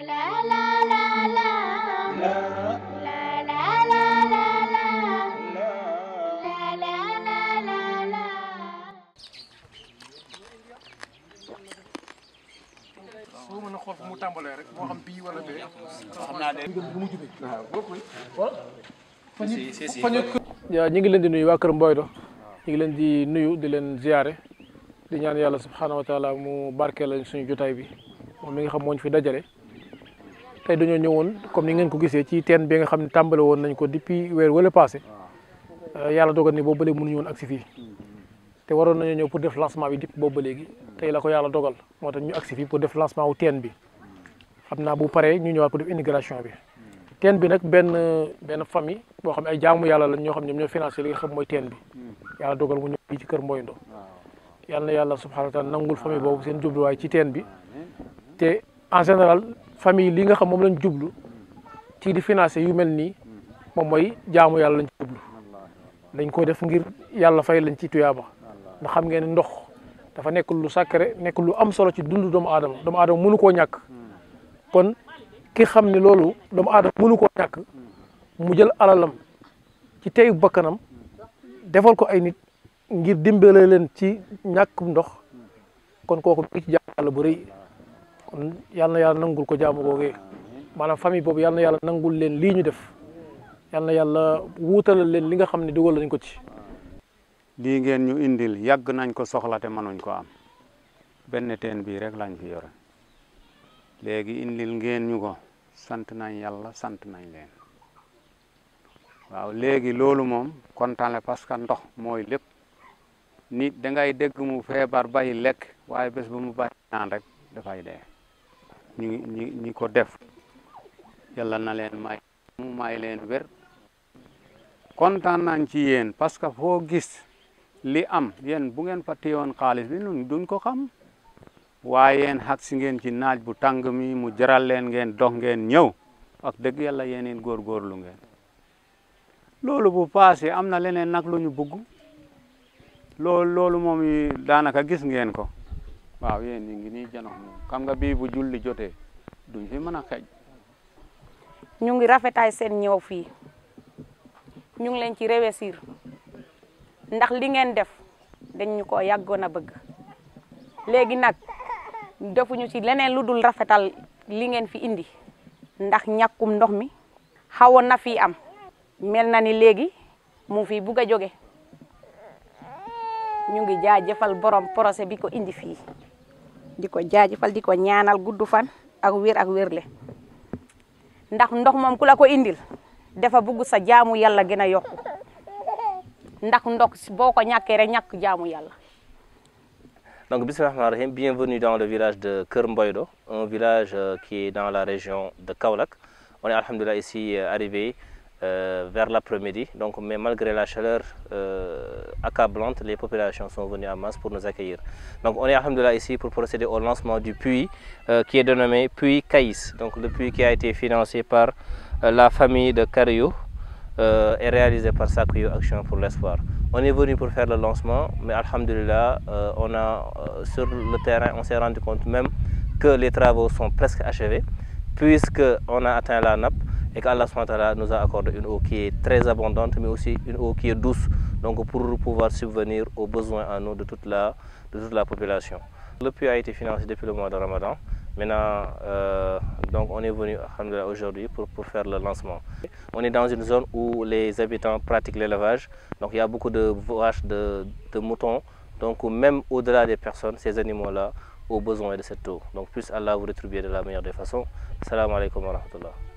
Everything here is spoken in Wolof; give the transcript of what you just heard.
soo mën a de ngi leen di nuyu Kër Mboydo. ngi leen di nuyu di leen di ñaan subhanahu wa taala mu suñu bi mi nga xam fi tey dañoo woon comme ni ngeen ko gisee ci teen bi nga xam ne tàmbale woon nañ ko depuis weer wala passé euh, yàlla dogal ni boobu ba léegi mënuñu woon agsi fii te waroon nañoo ñëw pour def lancement bi depuis boobu ba léegi tey la ko yàlla dogal moo tax ñu agsi fii pour def lancement wu teen bi xam naa bu paree ñu ñëwaat pour def bi teen bi nag benn benn famille boo xam ne ay jaamu yàlla lañ ñoo xam ñoom ñoo financé li nga xam mooy teen bi yàlla dogal mu ñëw fii ci kër Mboye Ndo yàlla na yàlla subhanahu wa taala nangul famille boobu seen jubluwaay ci teen bi te en général famille li nga xam moom lañ jublu ci di financé yu mel nii moom mooy jaamu yàlla lañ ci jublu dañ ko def ngir yàlla fay lañ ci tuyaaba ndax ngeen ndox dafa nekk lu sacré nekk lu am solo ci dundu doomu aadama doomu aadama mënu koo ñàkk kon ki xam ne loolu doomu aadama mënu ko ñàkk mu jël alalam ci teyu bakkanam defal ko ay nit ngir dimbale leen ci ñàkk ndox kon kooku mi ngi ci jaamu yàlla bu rëy kon yal yàlla nangul ko jaamu googee maanaam famille boobu yal na yàlla nangul leen lii ñu def yal na yàlla wuutalal leen li nga xam ne dugal nañ ko ci. lii ngeen ñu indil yàgg nañ ko soxla te mënuñ ko am benn teen bii rek lañ fi yore léegi indil ngeen ñu ko sant nañ yàlla sant nañ leen waaw léegi loolu moom kontaanle parce que ndox mooy lépp ni da ngay dégg mu feebar bàyyi lekk waaye bés bu mu bàyyi naan rek dafay dee. ñi ñi ñi ko def yalla na leen may mu may leen wér kontaan nañ ci yéen parce que foo gis li am yéen bu ngeen fa téyoon xaalis bi ñun duñ ko xam waaye yéen xag si ngeen ci naaj bu tàng mi mu jaral leen ngeen dox ngeen ñëw ak dëgg yàlla yéen it ngeen loolu bu passé am na leneen nag lu ñu bugg loolu loolu moom gis ngeen ko waaw yee ni ngi nii janox moom xam nga bii bu julli jotee duñ fi mën a xeeñ ñu ngi rafetaay seen ñëw fii ñu ngi leen ci réussir ndax li ngeen def dañ ñu koo yàggoon a bëgg léegi nag defuñu ci leneen lu dul rafetal li ngeen fi indi ndax ñàkkum ndox mi xawoon na fii am mel na ni léegi mu fii bugg a jóge ñu ngi jaa jëfal borom projet bi ko indi fii diko ko jaajëfal ñaanal guddu fan ak wér ak wérle ndax ndox mom ku la ko indil dafa bugu sa jaamu yalla gën a yokku ndax ndox boo ko ñàkkee rek ñàkk jaamu yàlla. Donc, bienvenue dans le village de Keur Mboydo un village euh, qui est dans la région de Kaolack On est, alhamdoulillah ici euh, arrivé euh, vers l'après-midi. mais malgré la chaleur euh, accablante, les populations sont venues en masse pour nous accueillir. Donc, on est Alhamdulillah ici pour procéder au lancement du puits euh, qui est dénommé puits Caïs. Donc, le puits qui a été financé par la famille de Kariou et réalisé par Sakuyo Action pour l'Espoir. On est venu pour faire le lancement, mais Alhamdulillah, on a, sur le terrain, on s'est rendu compte même que les travaux sont presque achevés, on a atteint la nappe et qu'Allah nous a accordé une eau qui est très abondante, mais aussi une eau qui est douce, donc pour pouvoir subvenir aux besoins en eau de toute la, de toute la population. Le puits a été financé depuis le mois de Ramadan. Maintenant, euh, donc on est venu aujourd'hui pour, pour, faire le lancement. On est dans une zone où les habitants pratiquent l'élevage. Donc il y a beaucoup de vaches, de, moutons. Donc même au-delà des personnes, ces animaux-là ont besoin de cette eau. Donc plus Allah vous rétribuer de la meilleure des façons. Salam alaikum wa rahmatullah.